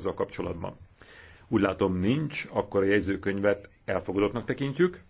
azzal kapcsolatban. Úgy látom nincs, akkor a jegyzőkönyvet elfogadottnak tekintjük.